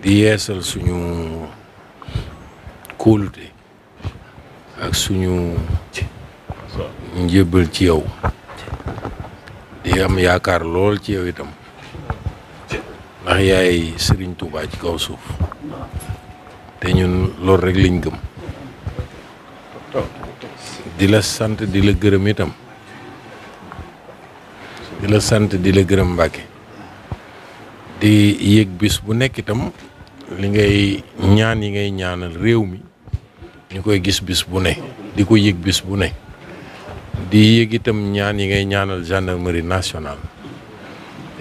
di yeesal suñu kóolute ak suñu njëbbal ci yow di am yaakaar lool ci yaw itam ndax yaay Serigne Touba ci kaw suuf te ñun loolu rek liñ gëm di la sant di la gërëm itam di la sant di la gërëm Mbàkke di yëg bis bu nekk itam li ngay ñaan yi ngay ñaanal réew mi ñu koy gis bis bu ne di ko yëg bis bu ne di yëg itam ñaan yi ngay ñaanal gendarmerie nationale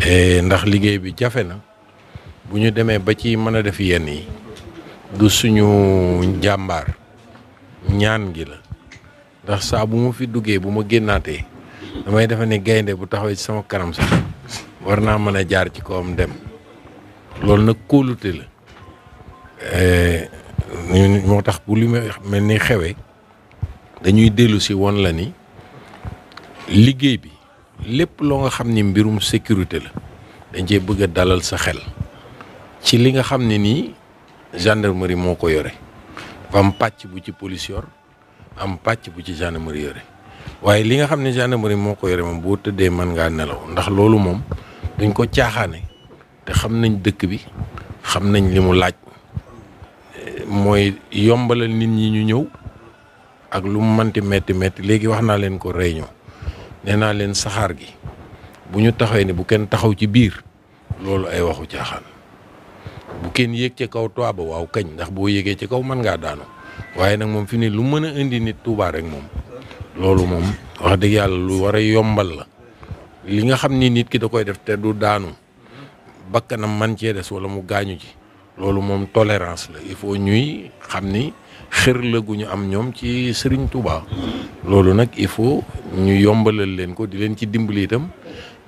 e, ndax liggéey bi jafe na bu ñu demee ba ci mën a def yenn yi du suñu jàmbaar ñaan gi la ndax saa bu ma fi duggee bu ma génnaatee damay defe ne gaynde bu taxawee ci sama kanam sax war naa mën a jaar ci kawam dem loolu nag kóolute la Eh, moo tax bu li mel ni xewee dañuy dellu si won la ni liggéey bi lépp loo nga xam ni mbirum sécurité la dañ cee bëgg a dalal sa xel ci li nga xam ne nii gendarmerie moo ko yore dafa am pàcc bu ci police yor am pàcc bu ci gendarmerie yore waaye li nga xam ne gendarmerie moo ko yore moom boo tëddee mën ngaa nelaw ndax loolu moom dañ ko caaxaane te xam nañ dëkk bi xam nañ li mu laaj mooy yombalal nit ñi ñu ñëw ak lu mu mënti metti metti léegi wax naa leen ko réunion nee naa leen saxaar gi bu ñu taxawee ni bu kenn taxaw ci biir loolu ay waxu caaxaan bu kenn yéeg ci kaw toit ba waaw kañ ndax boo yéegee ci kaw man ngaa daanu waaye nag moom fi ne lu mën a indi nit Touba rek moom loolu moom wax dëgg yàlla lu war yombal la li nga xam ni nit ki da koy def te du daanu bakkanam man cee des wala mu gaañu ci loolu moom tolérance la il faut ñuy xam ni xër am ñoom ci Serigne Touba. loolu nag il faut ñu yombalal leen ko di leen ci dimbali itam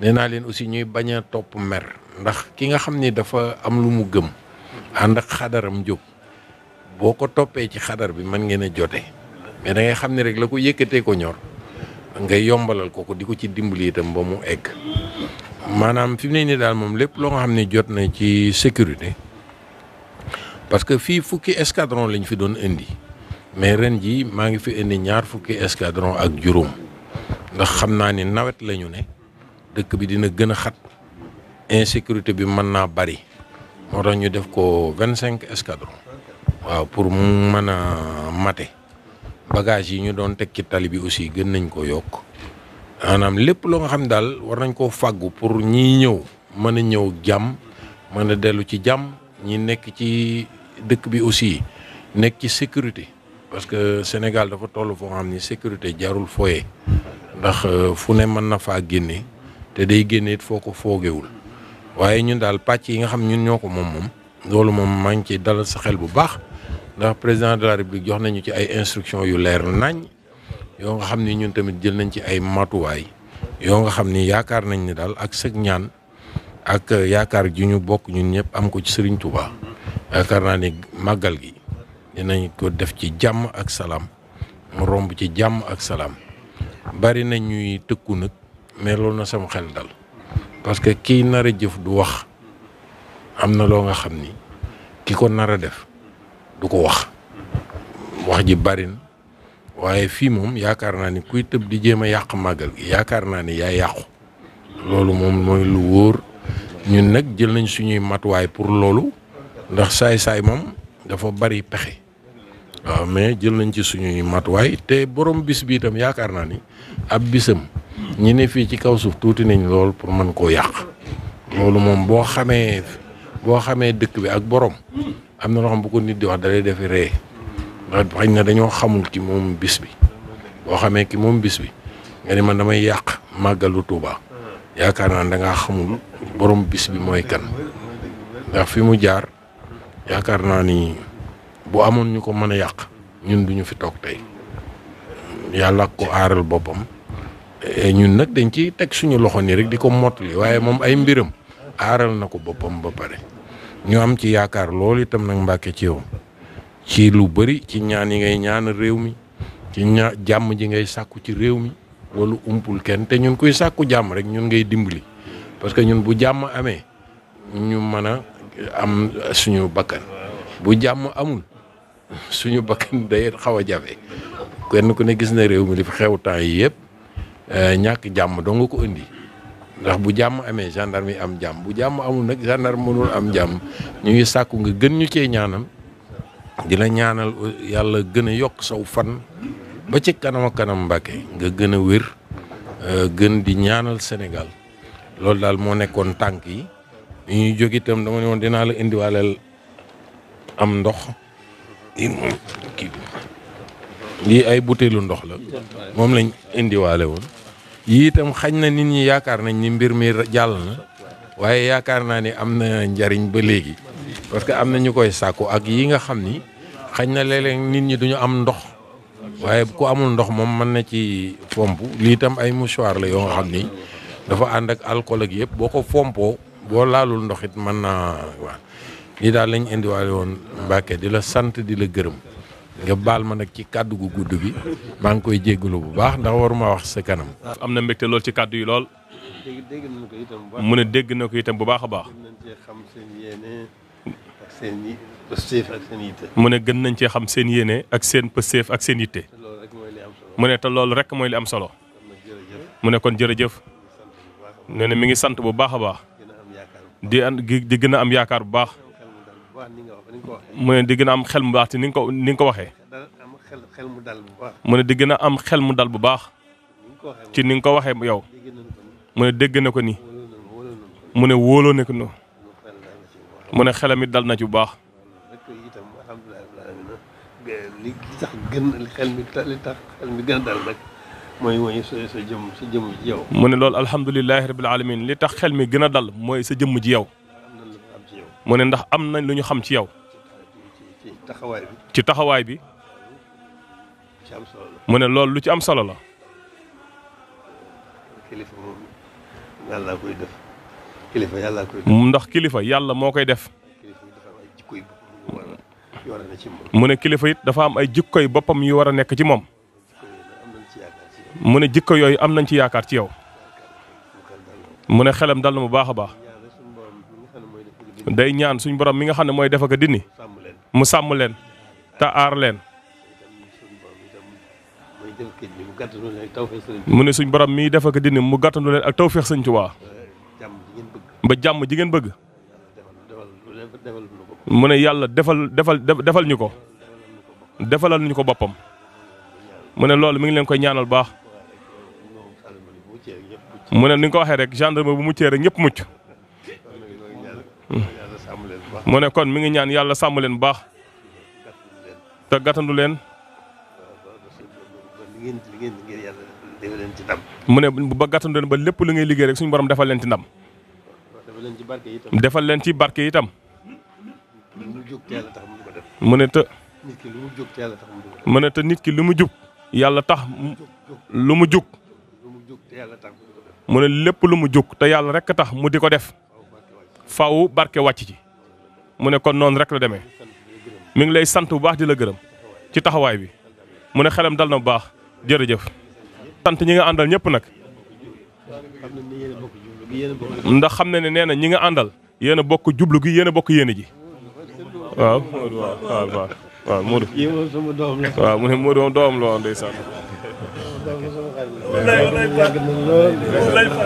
nee naa leen aussi ñuy bañ a topp mer ndax ki nga xam ni dafa am lu mu gëm ànd ak xadaram jóg boo ko toppee ci xadar bi mën ngeen a jote mais da ngay xam ni rek la ko yëkkatee ko ñor nga yombalal ko ko di ko ci dimbaliitam itam ba mu egg maanaam fi mu ne nii daal moom lépp loo nga xam ni jot na ci sécurité. parce que fii fukki escadron lañ fi doon indi mais ren ji maa ngi fi indi ñaar fukki escadron ak juróom ndax xam naa ni nawet lañu ñu ne dëkk bi dina gën a xat insécurité bi mën naa bari moo tax ñu def ko vingt cinq escadron waaw pour mu mën a mate bagage yi ñu doon teg ci tali bi aussi gën nañ ko yokk maanaam lépp loo nga xam daal war nañ koo faggu pour ñii ñëw mën a ñëw jàmm mën a dellu ci jàmm ñi nekk ci dëkk bi aussi nekk ci sécurité parce que Sénégal dafa toll foo xam ni sécurité jarul fooye ndax euh, fu ne mën na faa génne te day génne it foo ko foogewul waaye ñun daal pàcc yi nga xam ñun ñoo ko moom moom loolu moom maa ngi ci dalal sa xel bu baax ndax président de la république jox nañu ci ay instructions yu leer nañ yoo nga xam ni ñun tamit jël nañ ci ay matuwaay yoo nga xam ni yaakaar nañ ni daal ak sëg ñaan ak euh, yaakaar ju ñu bokk ñun ñëpp am ko ci Serigne Touba. yaakaar naa ni màggal gi dinañ ko def ci jàmm ak salaam mu romb ci jàmm ak salaam bari na ñuy tëkku nag mais loolu na sama xel dal parce que kiy nar a jëf du wax am na loo nga xam ni ki ko nar a def du ko wax wax ji bari na waaye fii moom yaakaar naa ni kuy tëb di jéem a yàq màggal gi yaakaar naa ni yaa yàqu loolu moom mooy lu wóor ñun nag jël nañ suñuy matuwaay pour loolu ndax saay-saay moom dafa bari pexe waaw mais jël nañ ci suñuy matuwaay te borom bis bi itam yaakaar naa ni ab bisam ñi ne fii ci kaw suuf tuuti nañ lool pour mën koo yàq loolu moom boo xamee boo xamee dëkk bi ak boroom am na loo xam bu ko nit di wax dalay defi ree ndax na dañoo xamul ki moom bis bi boo xamee ki moom bis bi nga ni man damay yàq màggalu Tuuba yaakaar naa da danga xamul borom bis bi mooy kan ndax fi mu jaar. yaakaar naa ni bu amoon ñu ko mën a yàq ñun duñu fi toog tey yàlla ko aaral boppam ñun nag dañ ci teg suñu loxo nii rek di ko mottali waaye moom ay mbiram aaral na ko boppam ba pare ñu am ci yaakaar loolu itam nag Mbàkke ci yow ci lu bëri ci ñaan yi ngay ñaan réew mi ci ña jàmm ji ngay sàkku ci réew mi wala umpul kenn te ñun kuy sàkku jàmm rek ñun ngay dimbali parce que ñun bu jàmm amee ñu mën a am suñu bakkan bu jàmm amul suñu bakkan day xaw a jafe kenn ku ne gis na réew mi li fi xew temps yi yëpp eh, ñàkk jàmm doo nga ko indi ndax bu jàmm amee gendarme yi am jàmm bu jàmm amul nag gendarme mënul am jàmm ñu ngi sàkku nga gën ñu cee ñaanam di ñaanal yàlla gën a yokk saw fan ba ci kanam kanam Mbàkke nga gën a wér eh, gën di ñaanal Sénégal loolu daal moo nekkoon tànk yi ñuy jóg itam dama ne woon dinaa la indiwaaleel am ndox lii ay butéelu ndox la moom lañ indiwaale woon yii itam xañ na nit ñi yaakaar nañ ni mbir mi jàll na waaye yaakaar naa ni am na njariñ ba léegi parce que am na ñu koy sàkku ak yii nga xam ni xañ na léeg nit ñi duñu am ndox waaye ku amul ndox moom mën na ci fomp lii itam ay mouchoir la yoo nga xam ni dafa ànd ak alcool ak yëpp boo ko fompoo boo laalul ndox it mën naa waa lii daal lañ indiwaale woon Mbacke di la sant di la gërëm nga baal ma nag ci kàddu gu gudd bi maa ngi koy jéggalu bu baax ndax waruma wax sa kanam. am na mbégte lool ci kàddu yi lool. mu ne dégg na ko itam bu baax a baax. mu ne gën nañ cee xam seen yéene ak seen pësteef ak seen yitte. mu ne te loolu rek mooy li am solo. mu ne jërëjëf. nee mi ngi sant bu baax a baax. di di gën a am yaakaar bu baax mu ne di gën a am xel mu baax te ni nga ko ni nga ko waxee mu ne di gën a am xel mu dal bu baax ci ni nga ko waxee yow mu ne dégg na ko ni mu ne wóoloo na ko mu ne xelam it dal na ci bu baax li tax gën xel mi li tax xel mooy mooy sa sa sa jëmm yow. mu ne loolu alhamdulilahi rabil alamin li tax xel mi gën a dal mooy sa jëmm ji yow. mu ne ndax am nañ lu ñu xam ci yow. ci taxawaay bi. ci taxawaay bi. mu ne lool lu ci am solo la. kilifa moom def. kilifa kilifa yàlla moo koy def. mu ne kilifa it dafa am ay jikkoy boppam yu war a nekk ci moom. mu ne jikko yooyu am nañ ci yaakaar ci yow mu ne xelam dal na mu baax a baax day ñaan suñ borom mi nga xam ne mooy def ak dindi mu sàmm leen te aar leen mu ne suñ borom mii def ak dindi mu gàttandu leen ak feex sëñ Tuubaa ba jàmm ji ngeen bëgg mu ne yàlla defal defal defal ñu ko defalal ñu ko boppam mu ne loolu mi ngi leen koy ñaanal baax mu ne ni nga ko waxee rek gendarme bu muccee rek ñëpp mucc hmm. mu ne kon mi ngi ñaan yàlla sàmm leen bu baax te gàttandu leen mu ne ba gàttandu leen ba lépp lu ngay liggéey rek suñu borom defal leen ci ndam defal leen ci barke itam mu ne te mu ne te nit ki lu mu jub yàlla tax lu mu jug mu jug te yàlla mu ne lépp lu mu jóg te yàlla rek tax mu di ko def faw barke wàcc ci mu ne kon noonu rek la demee mi ngi lay sant bu baax di la gërëm ci taxawaay bi mu ne xelam dal na bu baax jërëjëf. sant ñi ngi àndal ñépp nag ndax xam na ne nee na ñi nga àndal yéen a bokk jublu gi yéen a bokk yéene ji waaw waaw waaw Modou waaw mu ne Modou moom doomam la woon ndeysaan wallaay wallaay